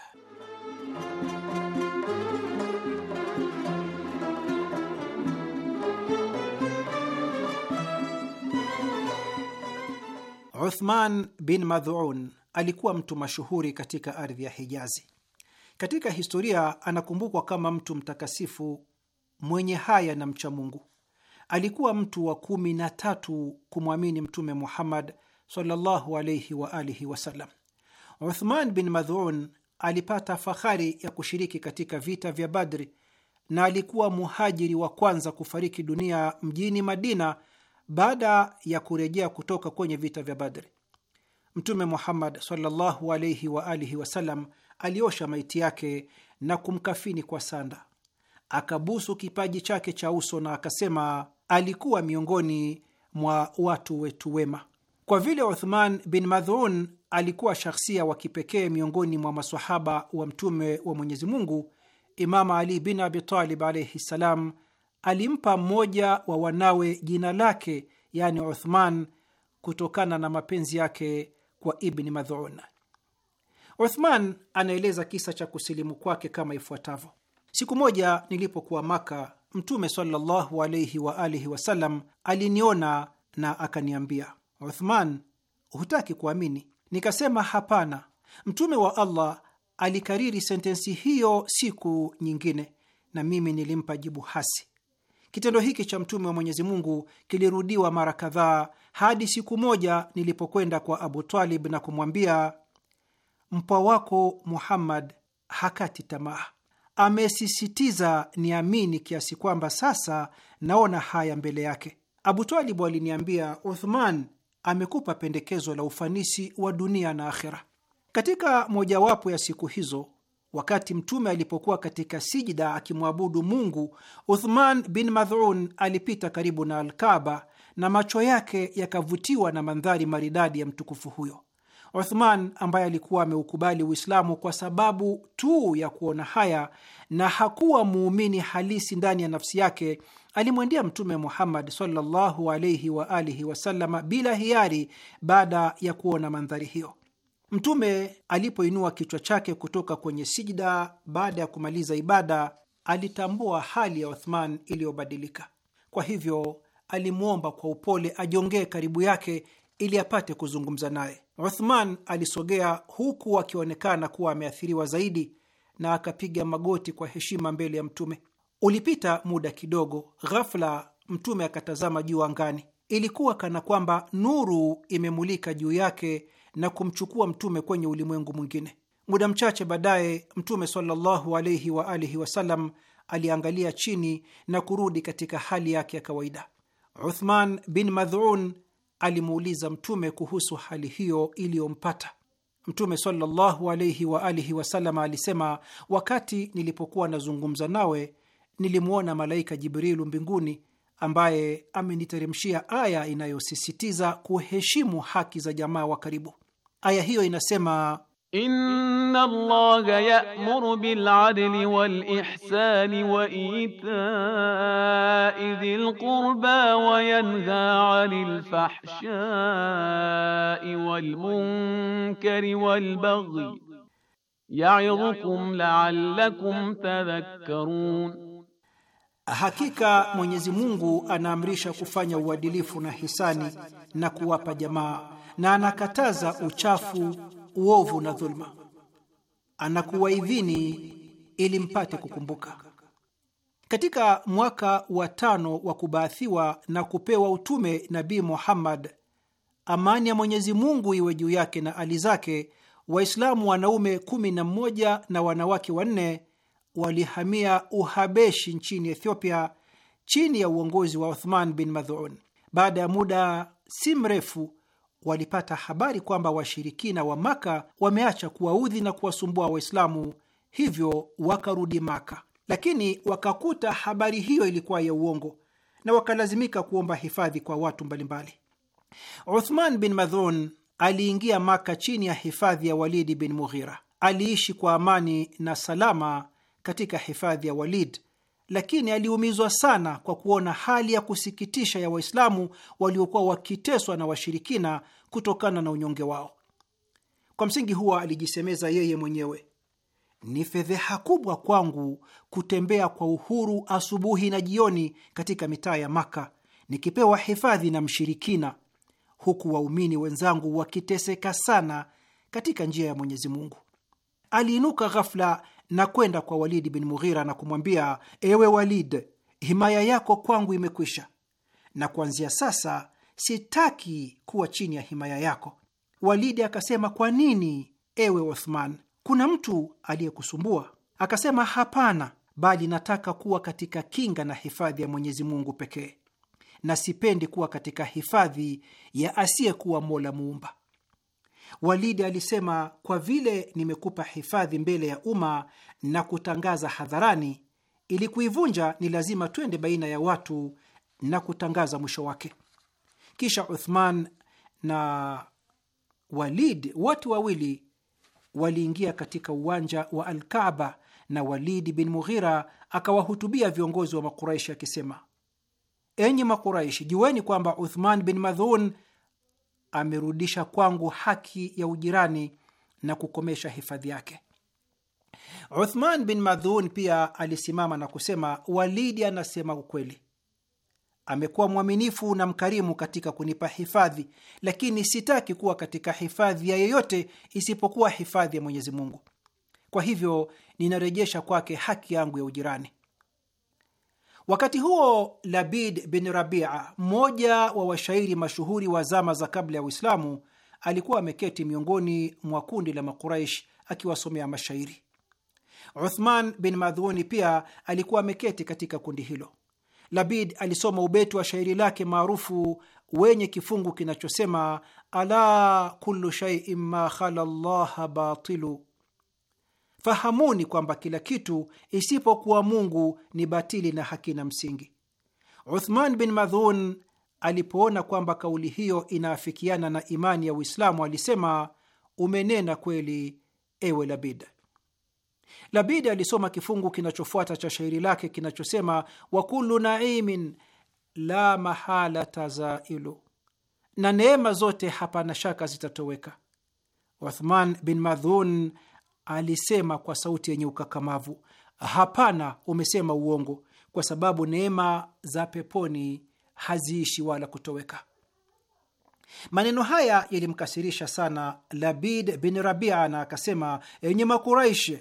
Uthman bin Madhuun alikuwa mtu mashuhuri katika ardhi ya Hijazi. Katika historia anakumbukwa kama mtu mtakasifu mwenye haya na mcha Mungu. Alikuwa mtu wa kumi na tatu kumwamini Mtume Muhammad sallallahu alaihi wa alihi wasallam. Uthman bin Madhuun alipata fahari ya kushiriki katika vita vya Badri na alikuwa muhajiri wa kwanza kufariki dunia mjini Madina baada ya kurejea kutoka kwenye vita vya Badri. Mtume Muhammad sallallahu alaihi wa alihi wasallam aliosha maiti yake na kumkafini kwa sanda, akabusu kipaji chake cha uso na akasema, alikuwa miongoni mwa watu wetu wema. Kwa vile Uthman bin Madhun alikuwa shakhsia wa kipekee miongoni mwa masahaba wa Mtume wa Mwenyezi Mungu, Imama Ali bin Abi Talib alaihi ssalam alimpa mmoja wa wanawe jina lake, yani Uthman, kutokana na mapenzi yake kwa Ibni Madhun. Uthman anaeleza kisa cha kusilimu kwake kama ifuatavyo: siku moja nilipokuwa Maka, Mtume sallallahu alaihi wa alihi wasallam aliniona na akaniambia, Uthman, hutaki kuamini? Nikasema, hapana. Mtume wa Allah alikariri sentensi hiyo siku nyingine, na mimi nilimpa jibu hasi. Kitendo hiki cha mtume wa Mwenyezi Mungu kilirudiwa mara kadhaa hadi siku moja nilipokwenda kwa Abu Talib na kumwambia, mpwa wako Muhammad hakati tamaa, amesisitiza niamini kiasi kwamba sasa naona haya mbele yake. Abu Talib aliniambia, Uthman amekupa pendekezo la ufanisi wa dunia na akhera. Katika mojawapo ya siku hizo Wakati Mtume alipokuwa katika sijida akimwabudu Mungu, Uthman bin Madhun alipita karibu na Alkaba na macho yake yakavutiwa na mandhari maridadi ya mtukufu huyo. Uthman ambaye alikuwa ameukubali Uislamu kwa sababu tu ya kuona haya na hakuwa muumini halisi ndani ya nafsi yake, alimwendea Mtume Muhammad sallallahu alaihi wasalama bila hiari baada ya kuona mandhari hiyo. Mtume alipoinua kichwa chake kutoka kwenye sijida baada ya kumaliza ibada, alitambua hali ya Uthman iliyobadilika. Kwa hivyo alimwomba kwa upole ajongee karibu yake ili apate kuzungumza naye. Uthman alisogea huku akionekana kuwa ameathiriwa zaidi, na akapiga magoti kwa heshima mbele ya Mtume. Ulipita muda kidogo, ghafla Mtume akatazama juu angani. Ilikuwa kana kwamba nuru imemulika juu yake na kumchukua mtume kwenye ulimwengu mwingine. Muda mchache baadaye, Mtume sallallahu alaihi wa alihi wasallam aliangalia chini na kurudi katika hali yake ya kawaida. Uthman bin Madhun alimuuliza Mtume kuhusu hali hiyo iliyompata. Mtume sallallahu alaihi wa alihi wasallam alisema, wakati nilipokuwa nazungumza nawe nilimwona malaika Jibrilu mbinguni ambaye ameniteremshia aya inayosisitiza kuheshimu haki za jamaa wa karibu. Aya hiyo inasema Inna Allaha ya'muru bil adli wal ihsani wa ita'i dhil qurba wa yanha 'anil fahsha'i wal munkari wal baghi ya'idhukum la'allakum tadhakkarun Hakika Mwenyezi Mungu anaamrisha kufanya uadilifu na hisani na kuwapa jamaa, na anakataza uchafu, uovu na dhulma. Anakuwaidhini ili mpate kukumbuka. Katika mwaka wa tano wa kubaathiwa na kupewa utume Nabii Muhammad, amani ya Mwenyezi Mungu iwe juu yake na ali zake, Waislamu wanaume kumi na mmoja na wanawake wanne walihamia Uhabeshi nchini Ethiopia chini ya uongozi wa Uthman bin Madhun. Baada ya muda si mrefu, walipata habari kwamba washirikina wa Maka wameacha kuwaudhi na kuwasumbua Waislamu, hivyo wakarudi Maka, lakini wakakuta habari hiyo ilikuwa ya uongo na wakalazimika kuomba hifadhi kwa watu mbalimbali. Uthman bin Madhun aliingia Maka chini ya hifadhi ya Walidi bin Mughira. Aliishi kwa amani na salama katika hifadhi ya Walid, lakini aliumizwa sana kwa kuona hali ya kusikitisha ya Waislamu waliokuwa wakiteswa na washirikina kutokana na unyonge wao. Kwa msingi huo, alijisemeza yeye mwenyewe, ni fedheha kubwa kwangu kutembea kwa uhuru asubuhi na jioni katika mitaa ya Maka nikipewa hifadhi na mshirikina, huku waumini wenzangu wakiteseka sana katika njia ya Mwenyezi Mungu. Aliinuka ghafla na kwenda kwa Walidi bin Mughira na kumwambia, ewe Walid, himaya yako kwangu imekwisha, na kuanzia sasa sitaki kuwa chini ya himaya yako. Walidi akasema, kwa nini ewe Uthman? Kuna mtu aliyekusumbua? Akasema, hapana, bali nataka kuwa katika kinga na hifadhi ya Mwenyezi Mungu pekee, na sipendi kuwa katika hifadhi ya asiyekuwa Mola Muumba. Walidi alisema, kwa vile nimekupa hifadhi mbele ya umma na kutangaza hadharani, ili kuivunja ni lazima twende baina ya watu na kutangaza mwisho wake. Kisha Uthman na Walid wote wawili waliingia katika uwanja wa Alkaaba na Walidi bin Mughira akawahutubia viongozi wa Makuraishi akisema, enyi Makuraishi, jueni kwamba Uthman bin Madhun amerudisha kwangu haki ya ujirani na kukomesha hifadhi yake. Uthman bin Madhun pia alisimama na kusema, Walidi anasema ukweli, amekuwa mwaminifu na mkarimu katika kunipa hifadhi, lakini sitaki kuwa katika hifadhi ya yeyote isipokuwa hifadhi ya Mwenyezi Mungu. Kwa hivyo ninarejesha kwake haki yangu ya ujirani. Wakati huo Labid bin Rabia, mmoja wa washairi mashuhuri wa zama za kabla ya Uislamu, alikuwa ameketi miongoni mwa kundi la Makuraish akiwasomea mashairi. Uthman bin Madhuni pia alikuwa ameketi katika kundi hilo. Labid alisoma ubeti wa shairi lake maarufu wenye kifungu kinachosema ala kullu shaiin ma khala llaha batilu Fahamuni kwamba kila kitu isipokuwa Mungu ni batili na hakina msingi. Uthman bin Madhun alipoona kwamba kauli hiyo inaafikiana na imani ya Uislamu alisema, umenena kweli, ewe Labid. Labid alisoma kifungu kinachofuata cha shairi lake kinachosema, wa naimin la mahala tazailu, na neema zote hapana shaka zitatoweka. Uthman bin Madhun alisema kwa sauti yenye ukakamavu, hapana, umesema uongo, kwa sababu neema za peponi haziishi wala kutoweka. Maneno haya yalimkasirisha sana Labid bin Rabia, na akasema, enye Makuraish,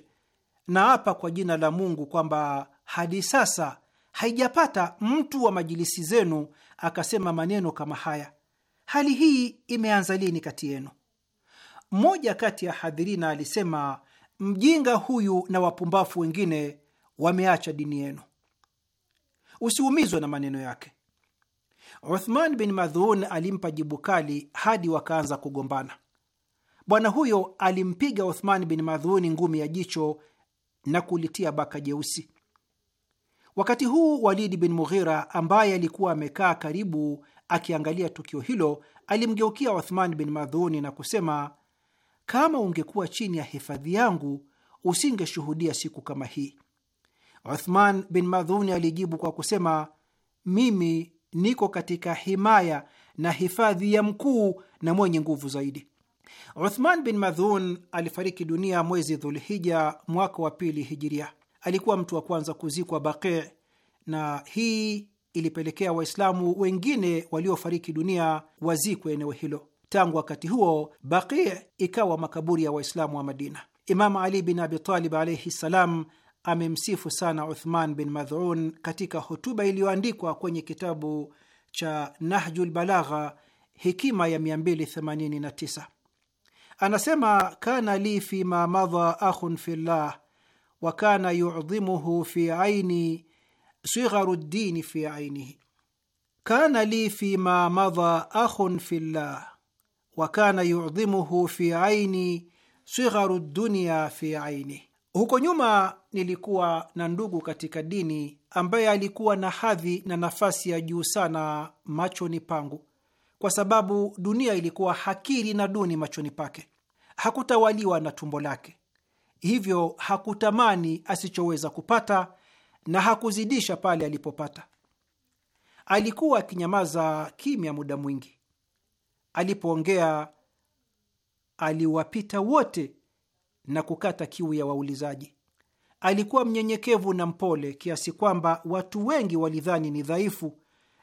naapa kwa jina la Mungu kwamba hadi sasa haijapata mtu wa majilisi zenu akasema maneno kama haya. Hali hii imeanza lini kati yenu? Mmoja kati ya hadhirina alisema, mjinga huyu na wapumbafu wengine wameacha dini yenu. Usiumizwe na maneno yake. Uthman bin Madhun alimpa jibu kali hadi wakaanza kugombana. Bwana huyo alimpiga Uthman bin Madhuni ngumi ya jicho na kulitia baka jeusi. Wakati huu Walidi bin Mughira ambaye alikuwa amekaa karibu akiangalia tukio hilo alimgeukia Uthman bin Madhuni na kusema, kama ungekuwa chini ya hifadhi yangu usingeshuhudia siku kama hii. Uthman bin Madhuni alijibu kwa kusema, mimi niko katika himaya na hifadhi ya mkuu na mwenye nguvu zaidi. Uthman bin Madhun alifariki dunia mwezi Dhulhija mwaka wa pili hijiria. Alikuwa mtu wa kwanza kuzikwa Baqi, na hii ilipelekea Waislamu wengine waliofariki dunia wazikwe eneo hilo. Tangu wakati huo Baqi ikawa makaburi ya Waislamu wa Madina. Imam Ali bin Abitalib alaihi ssalam amemsifu sana Uthman bin Madhun katika hotuba iliyoandikwa kwenye kitabu cha Nahju lbalagha, hikima ya 289 anasema: kana li fi ma madha akhun fi llah wa kana yudhimuhu fi aini sigharu ddini fi ainihi kana li fi ma madha akhun fi llah wa kana yudhimuhu fi aini sigharu dunia fi aini. Huko nyuma nilikuwa na ndugu katika dini ambaye alikuwa na hadhi na nafasi ya juu sana machoni pangu, kwa sababu dunia ilikuwa hakiri na duni machoni pake. Hakutawaliwa na tumbo lake, hivyo hakutamani asichoweza kupata na hakuzidisha pale alipopata. Alikuwa akinyamaza kimya muda mwingi. Alipoongea aliwapita wote na kukata kiu ya waulizaji. Alikuwa mnyenyekevu na mpole kiasi kwamba watu wengi walidhani ni dhaifu,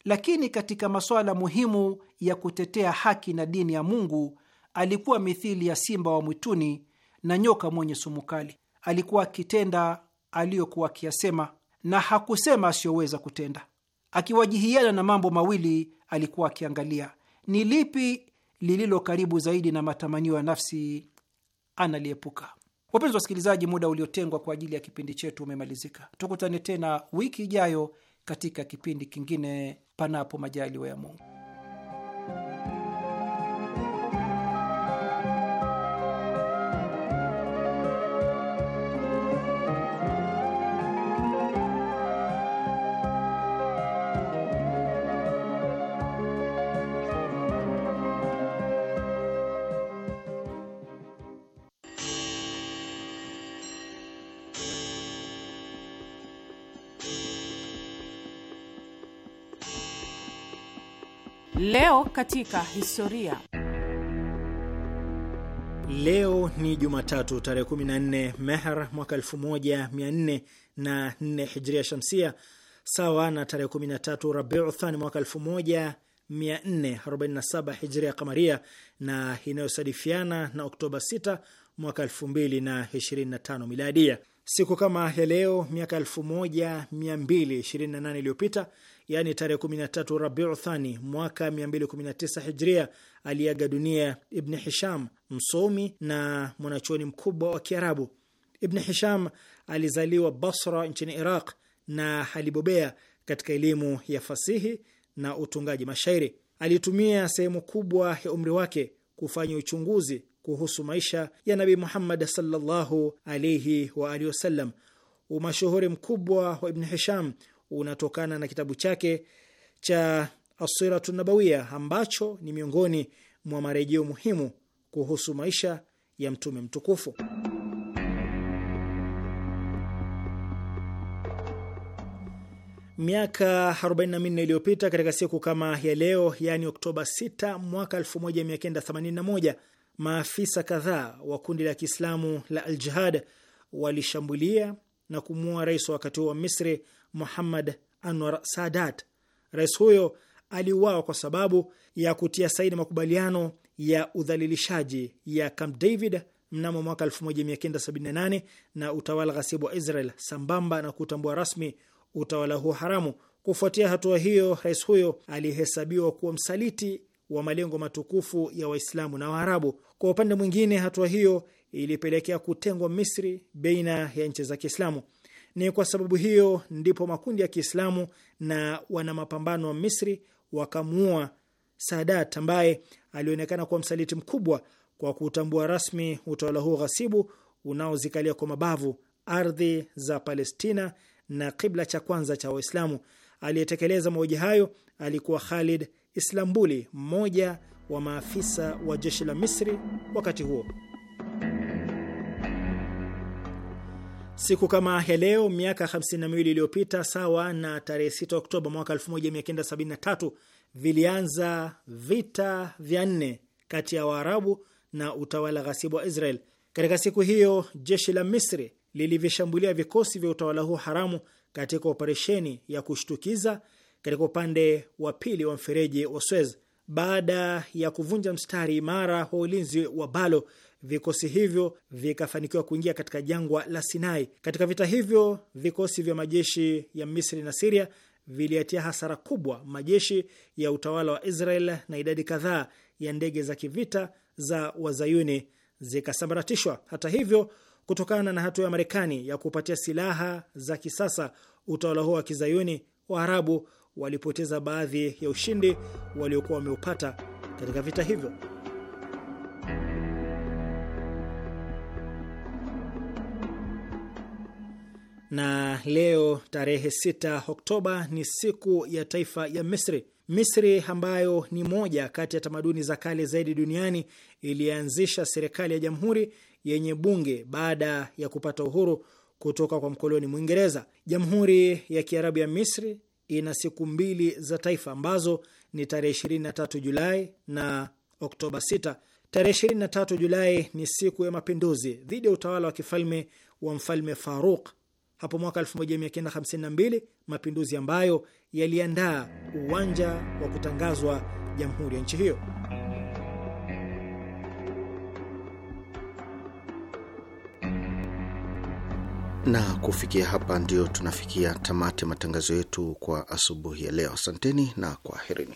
lakini katika masuala muhimu ya kutetea haki na dini ya Mungu alikuwa mithili ya simba wa mwituni na nyoka mwenye sumu kali. Alikuwa akitenda aliyokuwa akiyasema na hakusema asiyoweza kutenda. Akiwajihiana na mambo mawili alikuwa akiangalia ni lipi lililo karibu zaidi na matamanio ya nafsi analiepuka. Wapenzi wasikilizaji, muda uliotengwa kwa ajili ya kipindi chetu umemalizika. Tukutane tena wiki ijayo katika kipindi kingine, panapo majaliwa ya Mungu. Leo katika historia. Leo ni Jumatatu tarehe 14 Mehr mwaka 1404 Hijria Shamsia, sawa na tarehe 13 Rabiu Thani mwaka 1447 Hijria Kamaria, na inayosadifiana na Oktoba 6 mwaka 2025 Miladia. Siku kama ya leo miaka 1228 iliyopita, yaani tarehe 13 Rabiu Thani mwaka 219 Hijria, aliaga dunia Ibni Hisham, msomi na mwanachuoni mkubwa wa Kiarabu. Ibni Hisham alizaliwa Basra nchini Iraq na alibobea katika elimu ya fasihi na utungaji mashairi. Alitumia sehemu kubwa ya umri wake kufanya uchunguzi kuhusu maisha ya Nabi Muhammad sallallahu alaihi wa alihi wasallam. Umashuhuri mkubwa wa ibnu Hisham unatokana na kitabu chake cha Asiratu Nabawiya ambacho ni miongoni mwa marejeo muhimu kuhusu maisha ya mtume mtukufu. Miaka 44 iliyopita katika siku kama ya leo, yaani Oktoba 6 mwaka 1981 maafisa kadhaa wa kundi la Kiislamu la Al-Jihad walishambulia na kumuua rais wa wakati huo wa Misri Muhammad Anwar Sadat. Rais huyo aliuawa kwa sababu ya kutia saini makubaliano ya udhalilishaji ya Camp David mnamo mwaka 1978 na utawala ghasibu wa Israel sambamba na kutambua rasmi utawala huo haramu. Kufuatia hatua hiyo, rais huyo alihesabiwa kuwa msaliti wa malengo matukufu ya Waislamu na Waarabu. Kwa upande mwingine, hatua hiyo ilipelekea kutengwa Misri baina ya nchi za Kiislamu. Ni kwa sababu hiyo ndipo makundi ya Kiislamu na wana mapambano wa Misri wakamuua Sadat ambaye alionekana kuwa msaliti mkubwa kwa kutambua rasmi utawala huo ghasibu unaozikalia kwa mabavu ardhi za Palestina na kibla cha kwanza cha Waislamu. Aliyetekeleza mauaji hayo alikuwa Khalid Islambuli, mmoja wa maafisa wa jeshi la Misri wakati huo. Siku kama ya leo miaka 52 iliyopita, sawa na tarehe 6 Oktoba mwaka 1973, vilianza vita vya nne kati ya Waarabu na utawala ghasibu wa Israel. Katika siku hiyo jeshi la Misri lilivishambulia vikosi vya utawala huo haramu katika operesheni ya kushtukiza katika upande wa pili wa mfereji wa Suez. Baada ya kuvunja mstari imara wa ulinzi wa Balo, vikosi hivyo vikafanikiwa kuingia katika jangwa la Sinai. Katika vita hivyo, vikosi vya majeshi ya Misri na Siria viliatia hasara kubwa majeshi ya utawala wa Israel na idadi kadhaa ya ndege za kivita za wazayuni zikasambaratishwa. Hata hivyo, kutokana na hatua ya Marekani ya kupatia silaha za kisasa utawala huo wa kizayuni, Waarabu walipoteza baadhi ya ushindi waliokuwa wameupata katika vita hivyo. Na leo tarehe 6 Oktoba ni siku ya taifa ya Misri. Misri ambayo ni moja kati ya tamaduni za kale zaidi duniani ilianzisha serikali ya jamhuri yenye bunge baada ya kupata uhuru kutoka kwa mkoloni Mwingereza. Jamhuri ya Kiarabu ya Misri ina siku mbili za taifa ambazo ni tarehe 23 Julai na Oktoba 6. Tarehe 23 Julai ni siku ya mapinduzi dhidi ya utawala wa kifalme wa mfalme Faruk hapo mwaka 1952, mapinduzi ambayo yaliandaa uwanja wa kutangazwa jamhuri ya nchi hiyo. Na kufikia hapa ndio tunafikia tamati matangazo yetu kwa asubuhi ya leo. Asanteni na kwaherini